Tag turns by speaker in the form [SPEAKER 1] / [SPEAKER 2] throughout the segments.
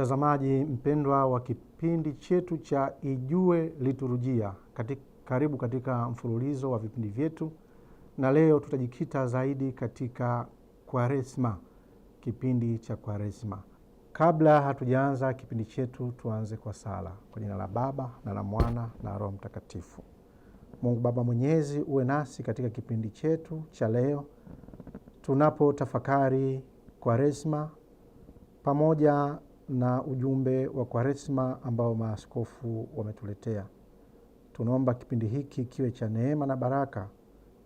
[SPEAKER 1] Mtazamaji mpendwa wa kipindi chetu cha Ijue Liturujia katika, karibu katika mfululizo wa vipindi vyetu, na leo tutajikita zaidi katika Kwaresma, kipindi cha Kwaresma. Kabla hatujaanza kipindi chetu, tuanze kwa sala. Kwa jina la Baba na la Mwana na Roho Mtakatifu. Mungu Baba Mwenyezi, uwe nasi katika kipindi chetu cha leo tunapotafakari Kwaresma pamoja na ujumbe wa Kwaresma ambao maaskofu wametuletea. Tunaomba kipindi hiki kiwe cha neema na baraka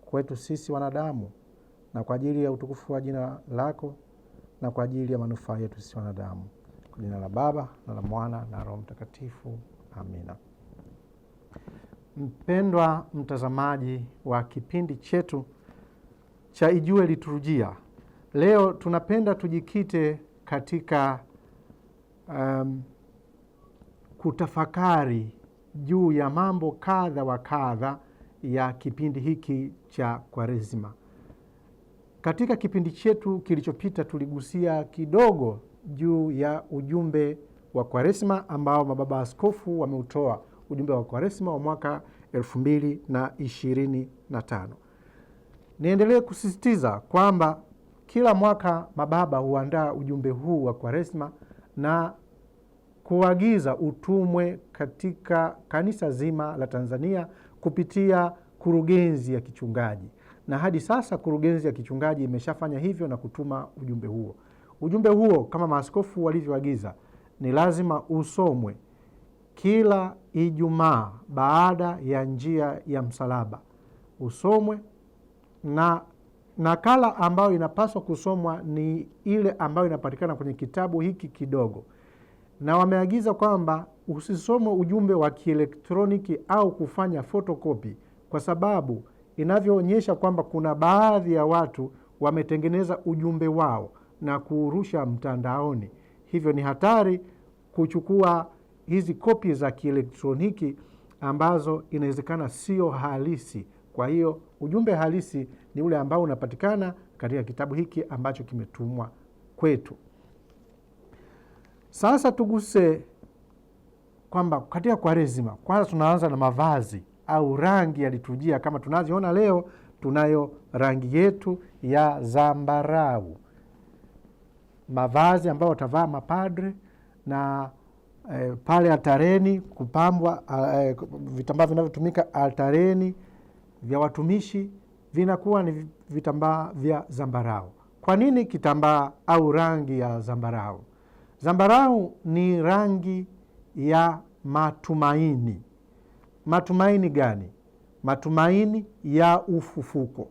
[SPEAKER 1] kwetu sisi wanadamu na kwa ajili ya utukufu wa jina lako na kwa ajili ya manufaa yetu sisi wanadamu. Kwa jina la Baba na la Mwana na Roho Mtakatifu, amina. Mpendwa mtazamaji wa kipindi chetu cha Ijue Liturujia, leo tunapenda tujikite katika um, kutafakari juu ya mambo kadha wa kadha ya kipindi hiki cha Kwaresima. Katika kipindi chetu kilichopita tuligusia kidogo juu ya ujumbe wa Kwaresima ambao mababa askofu wameutoa, ujumbe wa Kwaresima wa mwaka elfu mbili na ishirini na tano. Niendelee kusisitiza kwamba kila mwaka mababa huandaa ujumbe huu wa Kwaresima na kuagiza utumwe katika kanisa zima la Tanzania kupitia kurugenzi ya kichungaji, na hadi sasa kurugenzi ya kichungaji imeshafanya hivyo na kutuma ujumbe huo. Ujumbe huo kama maaskofu walivyoagiza ni lazima usomwe kila Ijumaa baada ya njia ya msalaba, usomwe na Nakala ambayo inapaswa kusomwa ni ile ambayo inapatikana kwenye kitabu hiki kidogo, na wameagiza kwamba usisome ujumbe wa kielektroniki au kufanya fotokopi, kwa sababu inavyoonyesha kwamba kuna baadhi ya watu wametengeneza ujumbe wao na kuurusha mtandaoni. Hivyo ni hatari kuchukua hizi kopi za kielektroniki ambazo inawezekana sio halisi. Kwa hiyo ujumbe halisi ni ule ambao unapatikana katika kitabu hiki ambacho kimetumwa kwetu. Sasa tuguse kwamba katika Kwaresima kwanza tunaanza na mavazi au rangi yalitujia, kama tunavyoona leo, tunayo rangi yetu ya zambarau, mavazi ambayo watavaa mapadre na eh, pale altareni kupambwa eh, eh vitambaa vinavyotumika altareni vya watumishi vinakuwa ni vitambaa vya zambarau. Kwa nini kitambaa au rangi ya zambarau? Zambarau ni rangi ya matumaini. Matumaini gani? Matumaini ya ufufuko.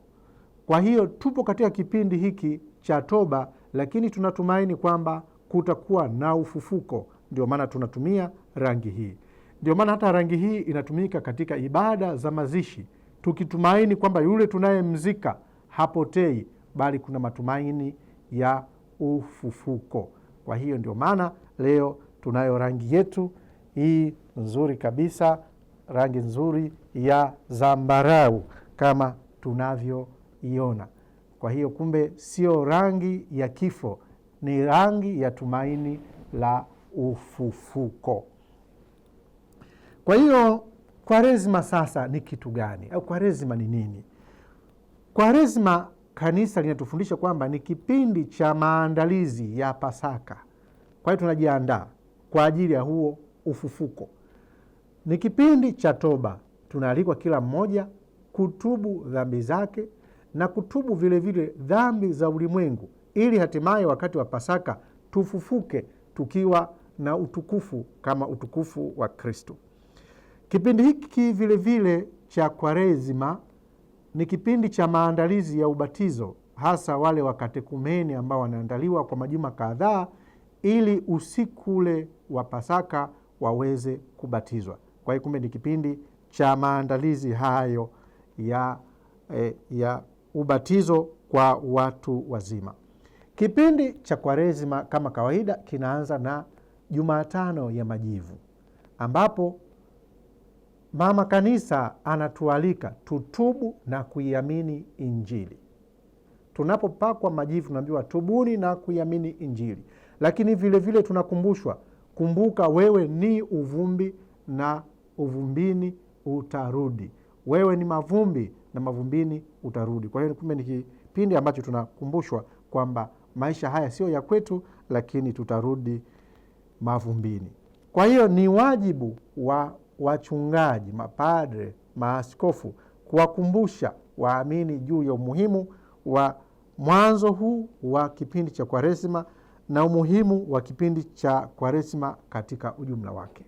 [SPEAKER 1] Kwa hiyo tupo katika kipindi hiki cha toba, lakini tunatumaini kwamba kutakuwa na ufufuko. Ndio maana tunatumia rangi hii, ndio maana hata rangi hii inatumika katika ibada za mazishi tukitumaini kwamba yule tunayemzika hapotei, bali kuna matumaini ya ufufuko. Kwa hiyo ndio maana leo tunayo rangi yetu hii nzuri kabisa, rangi nzuri ya zambarau kama tunavyoiona. Kwa hiyo kumbe, sio rangi ya kifo, ni rangi ya tumaini la ufufuko. Kwa hiyo Kwaresma sasa ni kitu gani? Au kwaresma ni nini? Kwaresma kanisa linatufundisha kwamba ni kipindi cha maandalizi ya Pasaka. Kwa hiyo tunajiandaa kwa ajili ya huo ufufuko. Ni kipindi cha toba, tunaalikwa kila mmoja kutubu dhambi zake na kutubu vilevile vile dhambi za ulimwengu, ili hatimaye wakati wa Pasaka tufufuke tukiwa na utukufu kama utukufu wa Kristo. Kipindi hiki vilevile cha Kwaresima ni kipindi cha maandalizi ya ubatizo, hasa wale wakatekumeni ambao wanaandaliwa kwa majuma kadhaa ili usiku ule wa Pasaka waweze kubatizwa. Kwa hiyo kumbe ni kipindi cha maandalizi hayo ya, eh, ya ubatizo kwa watu wazima. Kipindi cha Kwaresima kama kawaida kinaanza na Jumatano ya Majivu ambapo Mama Kanisa anatualika tutubu na kuiamini Injili. Tunapopakwa majivu tunaambiwa tubuni na kuiamini Injili, lakini vilevile vile tunakumbushwa, kumbuka wewe ni uvumbi na uvumbini utarudi, wewe ni mavumbi na mavumbini utarudi. Kwa hiyo kumbe ni kipindi ambacho tunakumbushwa kwamba maisha haya sio ya kwetu, lakini tutarudi mavumbini. Kwa hiyo ni wajibu wa wachungaji, mapadre, maaskofu kuwakumbusha waamini juu ya umuhimu wa mwanzo huu wa kipindi cha Kwaresima na umuhimu wa kipindi cha Kwaresima katika ujumla wake.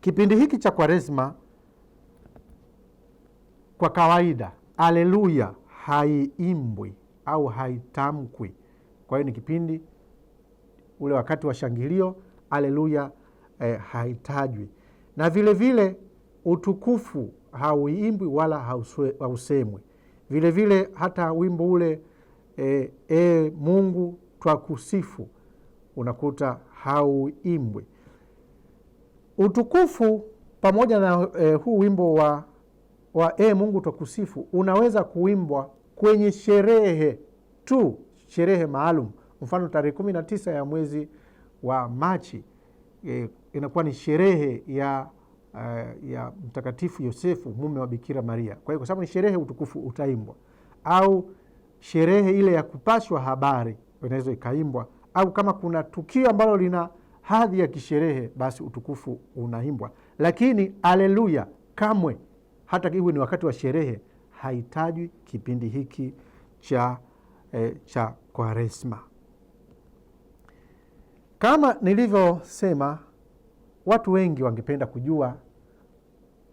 [SPEAKER 1] Kipindi hiki cha Kwaresima kwa kawaida aleluya haiimbwi au haitamkwi. Kwa hiyo ni kipindi ule wakati wa shangilio, aleluya eh, haitajwi na vile vile, utukufu hauimbwi wala hausemwi. vile vile hata wimbo ule e, e Mungu twakusifu unakuta hauimbwi. Utukufu pamoja na e, huu wimbo wa, wa e Mungu twakusifu unaweza kuimbwa kwenye sherehe tu, sherehe maalum, mfano tarehe kumi na tisa ya mwezi wa Machi e, inakuwa ni sherehe ya, uh, ya Mtakatifu Yosefu mume wa Bikira Maria. Kwa hiyo kwa sababu ni sherehe, utukufu utaimbwa, au sherehe ile ya kupashwa habari inaweza ikaimbwa, au kama kuna tukio ambalo lina hadhi ya kisherehe, basi utukufu unaimbwa. Lakini aleluya kamwe, hata iwe ni wakati wa sherehe, haitajwi kipindi hiki cha, eh, cha Kwaresma kama nilivyosema. Watu wengi wangependa kujua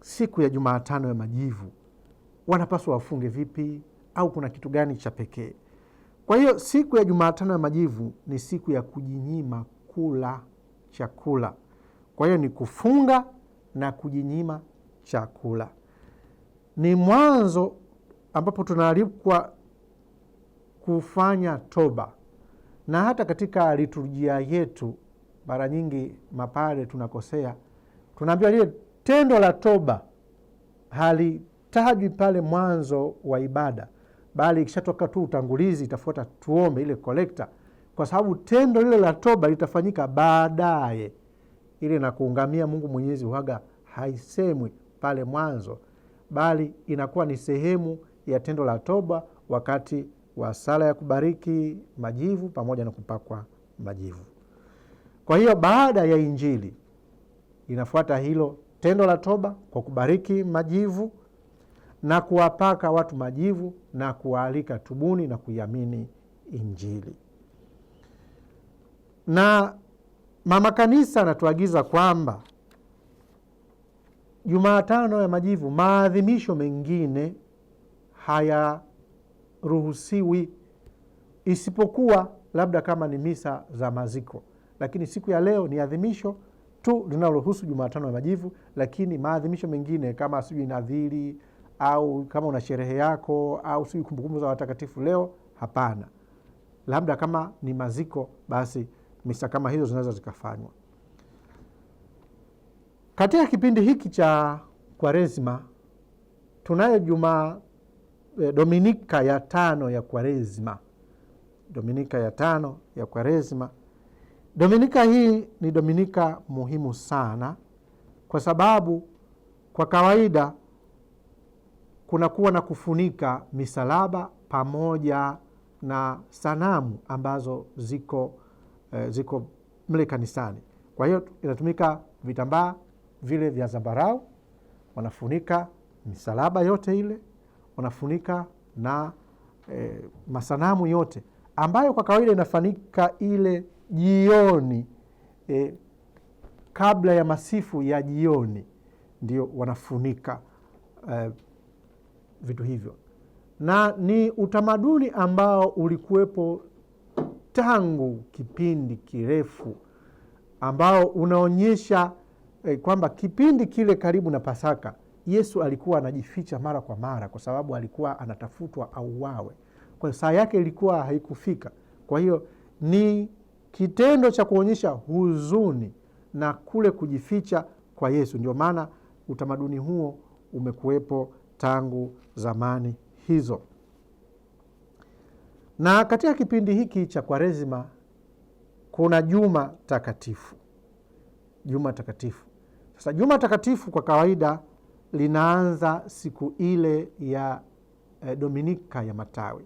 [SPEAKER 1] siku ya Jumatano ya Majivu wanapaswa wafunge vipi, au kuna kitu gani cha pekee? Kwa hiyo siku ya Jumatano ya Majivu ni siku ya kujinyima kula chakula. Kwa hiyo ni kufunga na kujinyima chakula, ni mwanzo ambapo tunaalikwa kufanya toba, na hata katika liturujia yetu mara nyingi mapale tunakosea, tunaambiwa lile tendo la toba halitajwi pale mwanzo wa ibada, bali ikishatoka tu utangulizi itafuata tuombe ile kolekta, kwa sababu tendo lile la toba litafanyika baadaye. Ile na kuungamia Mungu Mwenyezi waga haisemwi pale mwanzo, bali inakuwa ni sehemu ya tendo la toba wakati wa sala ya kubariki majivu pamoja na kupakwa majivu. Kwa hiyo baada ya injili inafuata hilo tendo la toba kwa kubariki majivu na kuwapaka watu majivu na kuwaalika tubuni na kuiamini injili. Na mama kanisa anatuagiza kwamba Jumatano ya majivu, maadhimisho mengine hayaruhusiwi isipokuwa labda kama ni misa za maziko lakini siku ya leo ni adhimisho tu linalohusu Jumatano ya Majivu, lakini maadhimisho mengine kama sijui nadhiri au kama una sherehe yako au sijui kumbukumbu za watakatifu leo, hapana. Labda kama ni maziko, basi misa kama hizo zinaweza zikafanywa katika kipindi hiki cha kwarezma Tunayo juma eh, dominika ya tano ya kwarezma dominika ya tano ya Kwaresma. Dominika hii ni Dominika muhimu sana kwa sababu kwa kawaida kunakuwa na kufunika misalaba pamoja na sanamu ambazo ziko, eh, ziko mle kanisani. Kwa hiyo inatumika vitambaa vile vya zambarau, wanafunika misalaba yote ile, wanafunika na eh, masanamu yote ambayo kwa kawaida inafanika ile jioni eh, kabla ya masifu ya jioni ndio wanafunika eh, vitu hivyo, na ni utamaduni ambao ulikuwepo tangu kipindi kirefu, ambao unaonyesha eh, kwamba kipindi kile karibu na Pasaka Yesu alikuwa anajificha mara kwa mara, kwa sababu alikuwa anatafutwa auawe. Kwa hiyo saa yake ilikuwa haikufika. Kwa hiyo ni kitendo cha kuonyesha huzuni na kule kujificha kwa Yesu. Ndio maana utamaduni huo umekuwepo tangu zamani hizo, na katika kipindi hiki cha Kwaresima kuna juma takatifu. Juma takatifu sasa, juma takatifu kwa kawaida linaanza siku ile ya e, Dominika ya Matawi.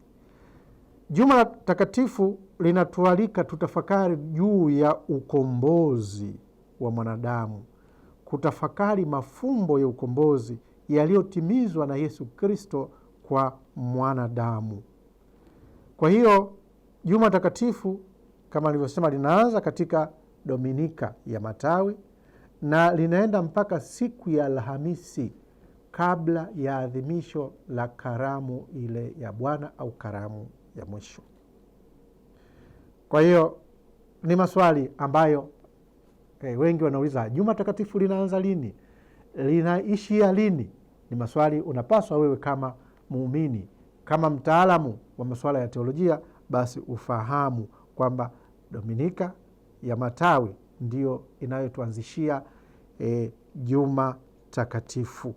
[SPEAKER 1] Juma la Takatifu linatualika tutafakari juu ya ukombozi wa mwanadamu, kutafakari mafumbo ya ukombozi yaliyotimizwa na Yesu Kristo kwa mwanadamu. Kwa hiyo Juma Takatifu kama nilivyosema, linaanza katika Dominika ya Matawi na linaenda mpaka siku ya Alhamisi kabla ya adhimisho la karamu ile ya Bwana au karamu ya mwisho. Kwa hiyo ni maswali ambayo eh, wengi wanauliza Juma Takatifu linaanza lini, linaishia lini? Ni maswali unapaswa wewe kama muumini, kama mtaalamu wa masuala ya teolojia, basi ufahamu kwamba Dominika ya Matawi ndiyo inayotuanzishia eh, Juma Takatifu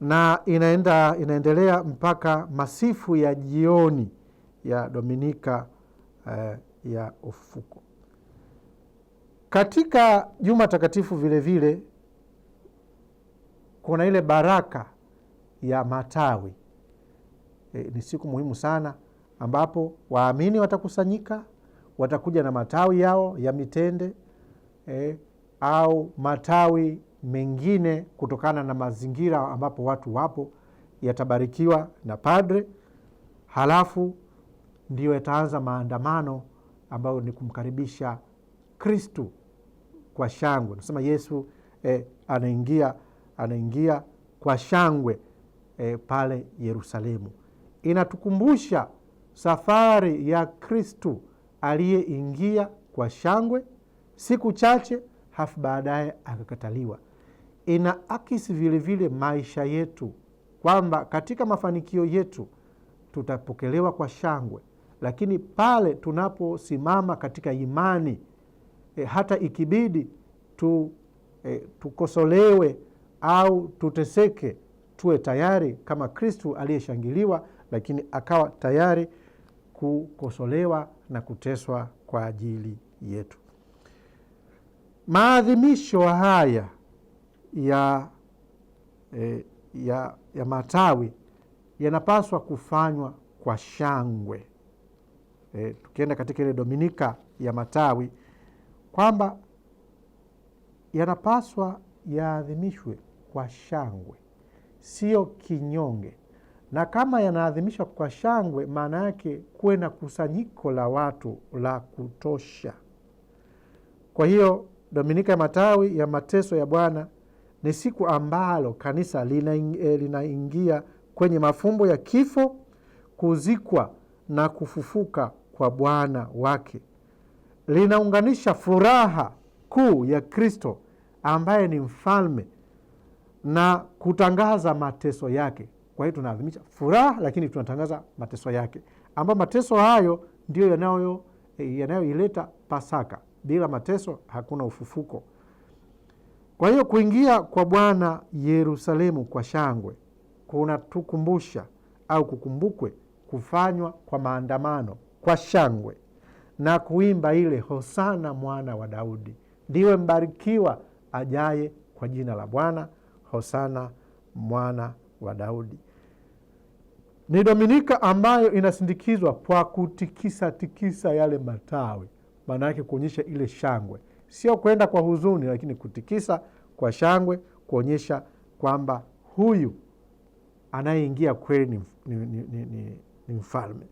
[SPEAKER 1] na inaenda, inaendelea mpaka masifu ya jioni ya Dominika eh, ya Ufufuko. Katika Juma Takatifu vilevile kuna ile baraka ya matawi. E, ni siku muhimu sana ambapo waamini watakusanyika, watakuja na matawi yao ya mitende e, au matawi mengine kutokana na mazingira ambapo watu wapo yatabarikiwa na padre, halafu ndiyo yataanza maandamano ambayo ni kumkaribisha Kristu kwa shangwe. Nasema Yesu eh, anaingia anaingia kwa shangwe eh, pale Yerusalemu. Inatukumbusha safari ya Kristu aliyeingia kwa shangwe, siku chache hafu baadaye akakataliwa ina akisi vilevile maisha yetu, kwamba katika mafanikio yetu tutapokelewa kwa shangwe, lakini pale tunaposimama katika imani e, hata ikibidi tu, e, tukosolewe au tuteseke, tuwe tayari kama Kristu aliyeshangiliwa, lakini akawa tayari kukosolewa na kuteswa kwa ajili yetu. Maadhimisho haya ya, eh, ya, ya matawi yanapaswa kufanywa kwa shangwe. Eh, tukienda katika ile Dominika ya matawi kwamba yanapaswa yaadhimishwe kwa shangwe, sio kinyonge. Na kama yanaadhimishwa kwa shangwe, maana yake kuwe na kusanyiko la watu la kutosha. Kwa hiyo Dominika ya matawi ya mateso ya Bwana ni siku ambalo kanisa eh, linaingia kwenye mafumbo ya kifo, kuzikwa na kufufuka kwa Bwana wake. Linaunganisha furaha kuu ya Kristo ambaye ni mfalme na kutangaza mateso yake. Kwa hiyo tunaadhimisha furaha, lakini tunatangaza mateso yake, ambayo mateso hayo ndiyo eh, yanayoileta Pasaka. Bila mateso hakuna ufufuko. Kwa hiyo kuingia kwa Bwana Yerusalemu kwa shangwe kunatukumbusha au kukumbukwe kufanywa kwa maandamano kwa shangwe na kuimba ile hosana mwana wa Daudi, ndiwe mbarikiwa ajaye kwa jina la Bwana, hosana mwana wa Daudi. Ni Dominika ambayo inasindikizwa kwa kutikisa tikisa yale matawi, maana yake kuonyesha ile shangwe sio kwenda kwa huzuni, lakini kutikisa kwa shangwe, kuonyesha kwamba huyu anayeingia kweli ni, ni, ni, ni, ni, ni mfalme.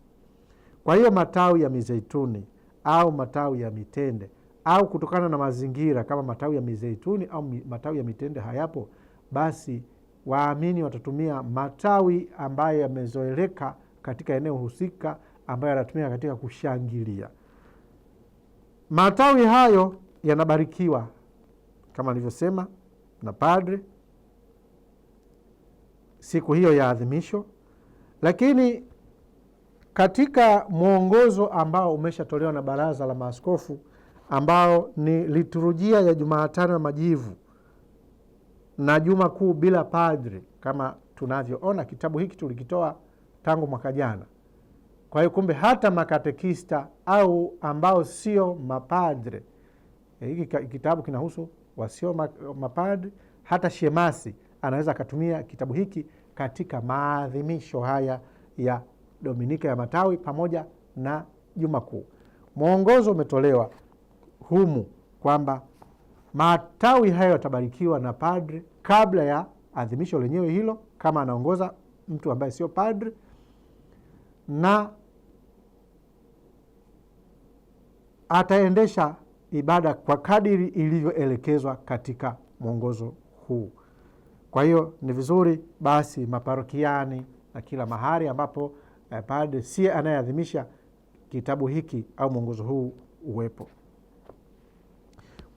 [SPEAKER 1] Kwa hiyo matawi ya mizeituni au matawi ya mitende au kutokana na mazingira, kama matawi ya mizeituni au matawi ya mitende hayapo, basi waamini watatumia matawi ambayo yamezoeleka katika eneo husika, ambayo yanatumika katika kushangilia. Matawi hayo yanabarikiwa kama alivyosema na padre siku hiyo ya adhimisho, lakini katika mwongozo ambao umeshatolewa na baraza la maaskofu ambao ni liturujia ya Jumatano ya Majivu na Juma Kuu bila padre, kama tunavyoona kitabu hiki tulikitoa tangu mwaka jana. Kwa hiyo kumbe hata makatekista au ambao sio mapadre Eh, hiki e, kitabu kinahusu wasio mapadri, hata shemasi anaweza akatumia kitabu hiki katika maadhimisho haya ya Dominika ya Matawi pamoja na Juma Kuu. Mwongozo umetolewa humu kwamba matawi hayo yatabarikiwa na padri kabla ya adhimisho lenyewe hilo, kama anaongoza mtu ambaye sio padri, na ataendesha ibada kwa kadiri ilivyoelekezwa katika mwongozo huu. Kwa hiyo ni vizuri basi maparokiani na kila mahali ambapo eh, padre siye anayeadhimisha kitabu hiki au mwongozo huu uwepo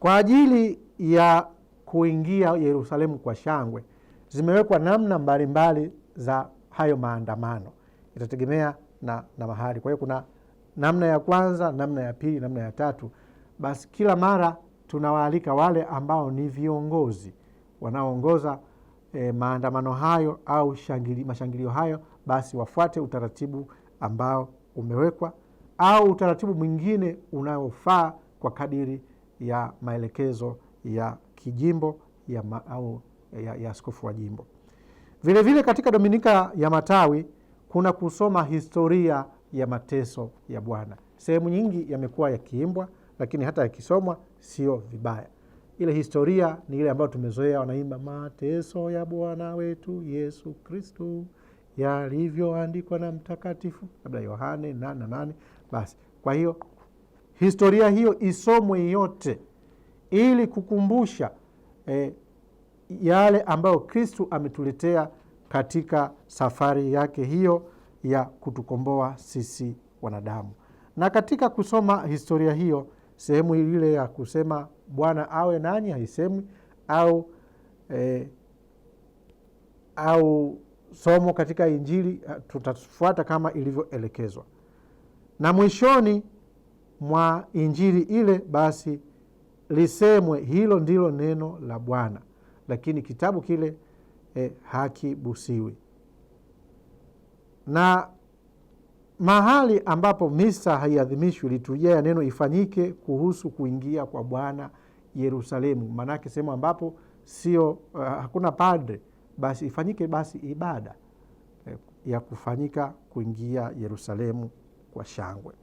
[SPEAKER 1] kwa ajili ya kuingia Yerusalemu kwa shangwe. Zimewekwa namna mbalimbali mbali za hayo maandamano, itategemea na, na mahali. Kwa hiyo kuna namna ya kwanza, namna ya pili, namna ya tatu basi kila mara tunawaalika wale ambao ni viongozi wanaoongoza e, maandamano hayo au shangili, mashangilio hayo, basi wafuate utaratibu ambao umewekwa au utaratibu mwingine unaofaa kwa kadiri ya maelekezo ya kijimbo ya ma, au ya, ya askofu wa jimbo. Vilevile vile katika Dominika ya Matawi kuna kusoma historia ya mateso ya Bwana. Sehemu nyingi yamekuwa yakiimbwa lakini hata yakisomwa sio vibaya. Ile historia ni ile ambayo tumezoea, wanaimba mateso ya Bwana wetu Yesu Kristu yalivyoandikwa na mtakatifu labda Yohane nane na nane. Basi kwa hiyo historia hiyo isomwe yote, ili kukumbusha eh, yale ambayo Kristu ametuletea katika safari yake hiyo ya kutukomboa sisi wanadamu. Na katika kusoma historia hiyo sehemu ile ya kusema Bwana awe nani haisemwi, au eh, au somo katika Injili ah, tutafuata kama ilivyoelekezwa. Na mwishoni mwa Injili ile basi lisemwe hilo ndilo neno la Bwana, lakini kitabu kile eh, hakibusiwi na mahali ambapo misa haiadhimishwi, liturujia ya neno ifanyike kuhusu kuingia kwa Bwana Yerusalemu, maanake sehemu ambapo sio uh, hakuna padre, basi ifanyike basi ibada eh, ya kufanyika kuingia Yerusalemu kwa shangwe.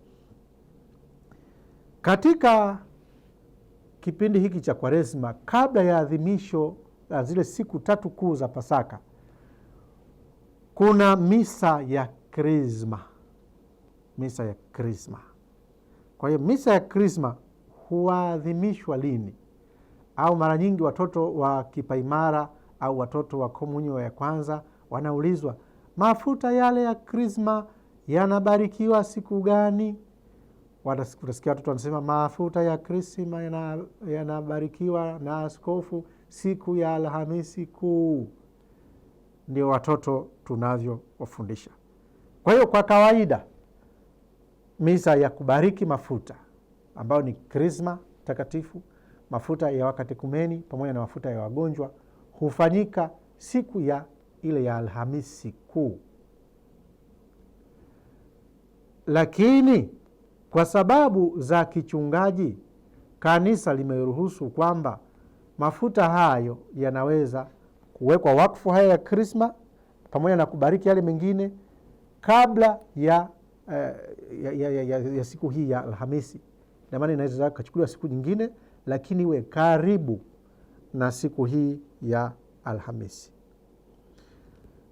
[SPEAKER 1] Katika kipindi hiki cha Kwaresma, kabla ya adhimisho la zile siku tatu kuu za Pasaka, kuna misa ya Krisma misa ya Krisma. Kwa hiyo misa ya Krisma huadhimishwa lini? Au mara nyingi watoto wa kipaimara au watoto wa komunyo ya kwanza wanaulizwa, mafuta yale ya Krisma yanabarikiwa siku gani? Utasikia watoto wanasema mafuta ya Krisma yanabarikiwa na askofu siku ya Alhamisi Kuu. Ndio watoto tunavyowafundisha. Kwa hiyo kwa kawaida misa ya kubariki mafuta ambayo ni krisma takatifu, mafuta ya wakatekumeni pamoja na mafuta ya wagonjwa hufanyika siku ya ile ya Alhamisi Kuu, lakini kwa sababu za kichungaji kanisa limeruhusu kwamba mafuta hayo yanaweza kuwekwa wakfu haya ya krisma pamoja na kubariki yale mengine kabla ya Eh, ya, ya, ya, ya siku hii ya Alhamisi, na maana inaweza kachukuliwa siku nyingine, lakini iwe karibu na siku hii ya Alhamisi.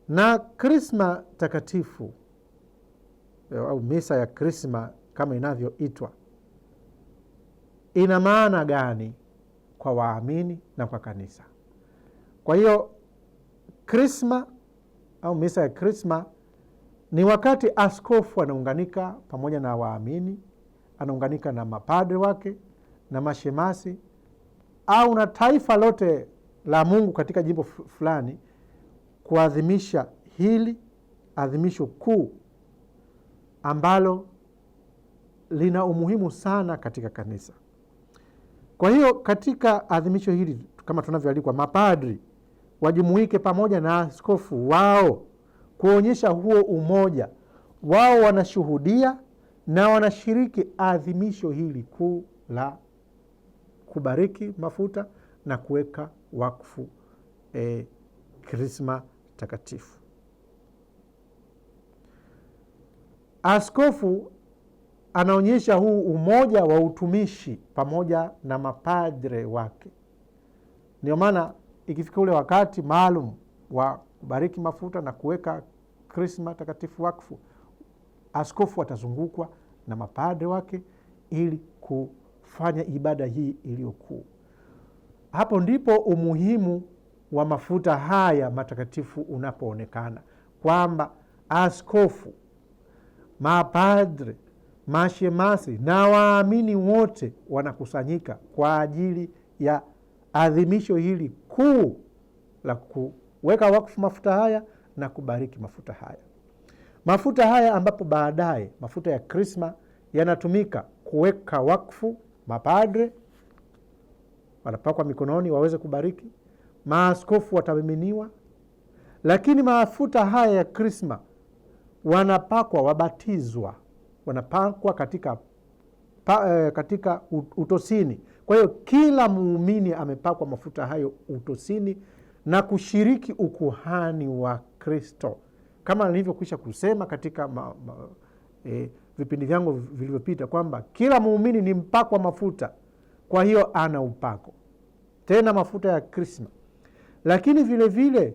[SPEAKER 1] Na Krisma takatifu eh, au misa ya Krisma kama inavyoitwa ina maana gani kwa waamini na kwa kanisa? Kwa hiyo Krisma au misa ya Krisma ni wakati askofu anaunganika pamoja na waamini, anaunganika na mapadre wake na mashemasi au na taifa lote la Mungu katika jimbo fulani kuadhimisha hili adhimisho kuu ambalo lina umuhimu sana katika kanisa. Kwa hiyo katika adhimisho hili, kama tunavyoalikwa, mapadri wajumuike pamoja na askofu wao kuonyesha huo umoja wao, wanashuhudia na wanashiriki adhimisho hili kuu la kubariki mafuta na kuweka wakfu e, krisma takatifu. Askofu anaonyesha huu umoja wa utumishi pamoja na mapadre wake. Ndio maana ikifika ule wakati maalum wa kubariki mafuta na kuweka krisma takatifu wakfu, askofu atazungukwa na mapadre wake ili kufanya ibada hii iliyokuu. Hapo ndipo umuhimu wa mafuta haya matakatifu unapoonekana kwamba askofu, mapadre, mashemasi na waamini wote wanakusanyika kwa ajili ya adhimisho hili kuu la ku weka wakfu mafuta haya na kubariki mafuta haya, mafuta haya ambapo baadaye mafuta ya krisma yanatumika kuweka wakfu mapadre, wanapakwa mikononi waweze kubariki, maaskofu watamiminiwa, lakini mafuta haya ya krisma wanapakwa wabatizwa, wanapakwa katika, pa, eh, katika utosini. Kwa hiyo kila muumini amepakwa mafuta hayo utosini na kushiriki ukuhani wa Kristo kama nilivyokwisha kusema katika ma, ma, e, vipindi vyangu vilivyopita kwamba kila muumini ni mpako wa mafuta, kwa hiyo ana upako tena mafuta ya krisma. Lakini vilevile vile,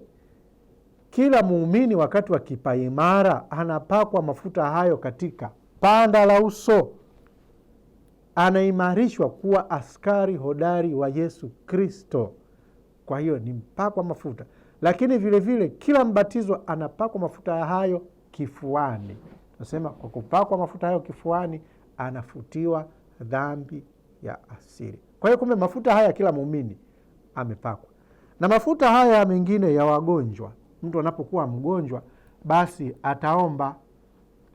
[SPEAKER 1] kila muumini wakati wa kipaimara anapakwa mafuta hayo katika panda la uso, anaimarishwa kuwa askari hodari wa Yesu Kristo. Kwa hiyo ni mpakwa mafuta, lakini vilevile vile, kila mbatizwa anapakwa mafuta hayo kifuani. Tunasema kwa kupakwa mafuta hayo kifuani anafutiwa dhambi ya asili. Kwa hiyo kumbe mafuta haya kila muumini amepakwa, na mafuta haya mengine ya wagonjwa. Mtu anapokuwa mgonjwa, basi ataomba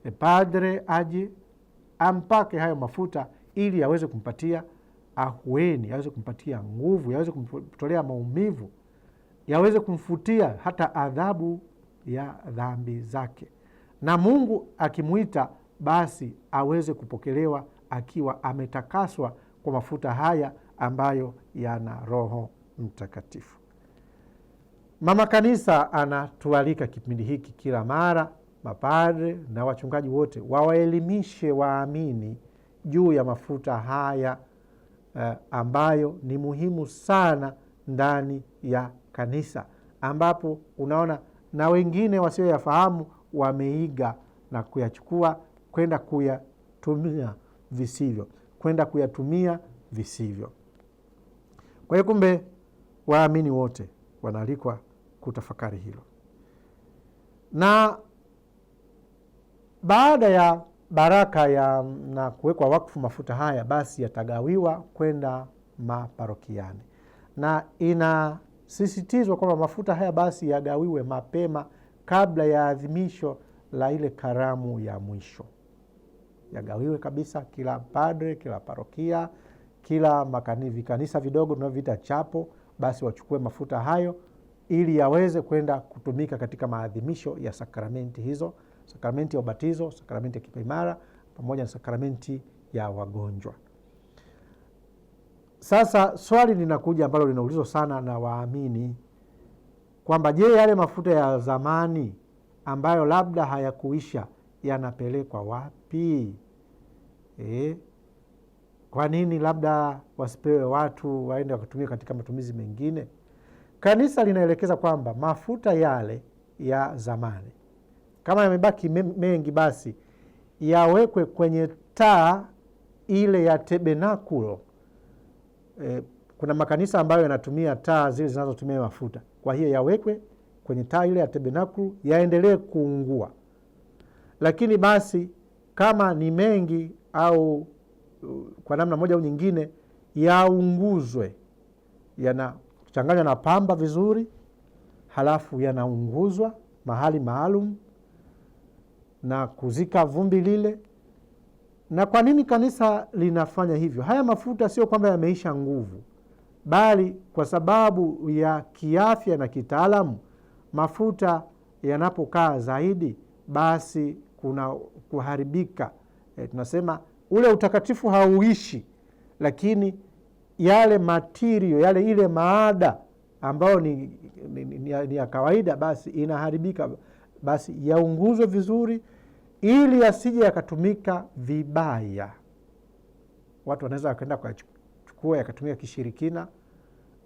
[SPEAKER 1] eh, padre aje ampake hayo mafuta ili aweze kumpatia ahueni, yaweze kumpatia nguvu, yaweze kumtolea maumivu, yaweze kumfutia hata adhabu ya dhambi zake, na Mungu akimwita basi aweze kupokelewa akiwa ametakaswa kwa mafuta haya ambayo yana Roho Mtakatifu. Mama Kanisa anatualika kipindi hiki kila mara mapadre na wachungaji wote wawaelimishe waamini juu ya mafuta haya Eh, ambayo ni muhimu sana ndani ya kanisa, ambapo unaona na wengine wasioyafahamu wameiga na kuyachukua kwenda kuyatumia visivyo, kwenda kuyatumia visivyo. Kwa hiyo, kumbe waamini wote wanaalikwa kutafakari hilo na baada ya baraka ya na kuwekwa wakfu mafuta haya basi yatagawiwa kwenda maparokiani, na inasisitizwa kwamba mafuta haya basi yagawiwe mapema kabla ya adhimisho la ile karamu ya mwisho, yagawiwe kabisa, kila padre, kila parokia, kila makanisa, vikanisa vidogo tunavyoviita chapo, basi wachukue mafuta hayo ili yaweze kwenda kutumika katika maadhimisho ya sakramenti hizo sakramenti ya ubatizo, sakramenti ya kipaimara pamoja na sakramenti ya wagonjwa. Sasa swali linakuja ambalo linaulizwa sana na waamini kwamba je, yale mafuta ya zamani ambayo labda hayakuisha yanapelekwa wapi? E, kwa nini labda wasipewe watu waende wakatumia katika matumizi mengine? Kanisa linaelekeza kwamba mafuta yale ya zamani kama yamebaki mengi, basi yawekwe kwenye taa ile ya tebenakulo. E, kuna makanisa ambayo yanatumia taa zile zinazotumia mafuta. Kwa hiyo yawekwe kwenye taa ile ya tebenakulo yaendelee kuungua, lakini basi kama ni mengi au uh, kwa namna moja au nyingine yaunguzwe, yanachanganywa na pamba vizuri, halafu yanaunguzwa mahali maalum na kuzika vumbi lile. Na kwa nini kanisa linafanya hivyo? Haya mafuta sio kwamba yameisha nguvu, bali kwa sababu ya kiafya na kitaalamu, mafuta yanapokaa zaidi, basi kuna kuharibika. E, tunasema ule utakatifu hauishi, lakini yale matirio yale, ile maada ambayo ni, ni, ni, ni ya kawaida, basi inaharibika basi yaunguzwe vizuri, ili yasije yakatumika vibaya. Watu wanaweza wakaenda kuyachukua yakatumika kishirikina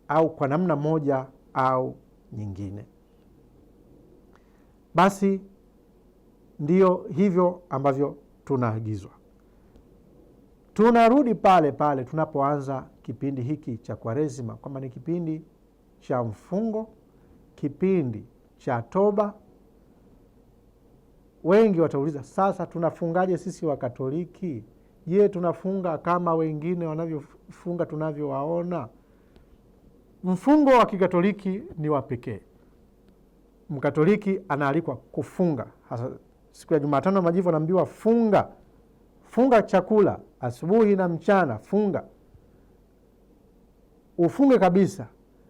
[SPEAKER 1] au kwa namna moja au nyingine. Basi ndiyo hivyo ambavyo tunaagizwa. Tunarudi pale pale tunapoanza kipindi hiki cha Kwaresima, kwamba ni kipindi cha mfungo, kipindi cha toba, wengi watauliza sasa, tunafungaje sisi Wakatoliki? Je, tunafunga kama wengine wanavyofunga tunavyowaona? Mfungo wa Kikatoliki ni wa pekee. Mkatoliki anaalikwa kufunga hasa siku ya Jumatano ya Majivu, anaambiwa funga, funga chakula asubuhi na mchana, funga ufunge kabisa.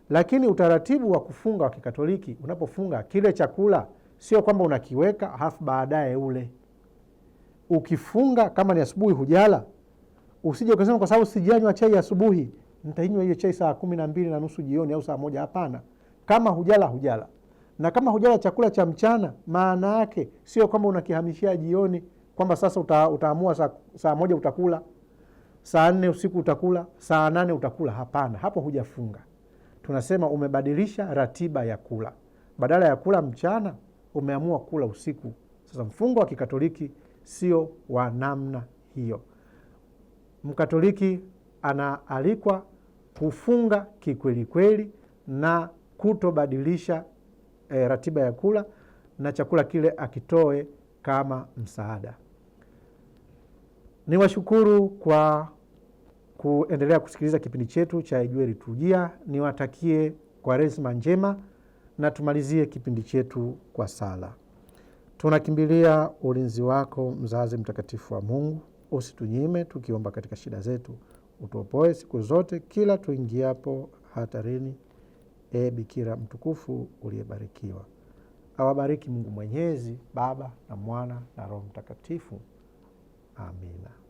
[SPEAKER 1] Lakini utaratibu wa kufunga wa Kikatoliki, unapofunga kile chakula sio kwamba unakiweka halafu baadaye ule. Ukifunga kama ni asubuhi hujala, usije ukasema kwa sababu sijanywa chai asubuhi ntainywa hiyo chai saa kumi na mbili na nusu jioni au saa moja. Hapana, kama hujala hujala, na kama hujala chakula cha mchana, maana yake sio kwamba unakihamishia jioni, kwamba sasa uta, utaamua saa, saa moja utakula, saa nne usiku utakula, saa nane utakula. Hapana, hapo hujafunga. Tunasema umebadilisha ratiba ya kula, badala ya kula mchana umeamua kula usiku. Sasa mfungo wa Kikatoliki sio wa namna hiyo. Mkatoliki anaalikwa kufunga kikwelikweli na kutobadilisha e, ratiba ya kula na chakula kile akitoe kama msaada. Niwashukuru kwa kuendelea kusikiliza kipindi chetu cha Ijue Liturujia. Niwatakie Kwaresma njema na tumalizie kipindi chetu kwa sala. Tunakimbilia ulinzi wako, mzazi mtakatifu wa Mungu, usitunyime tukiomba katika shida zetu, utuopoe siku zote kila tuingiapo hatarini. E Bikira mtukufu uliyebarikiwa. Awabariki Mungu Mwenyezi, Baba na Mwana na Roho Mtakatifu. Amina.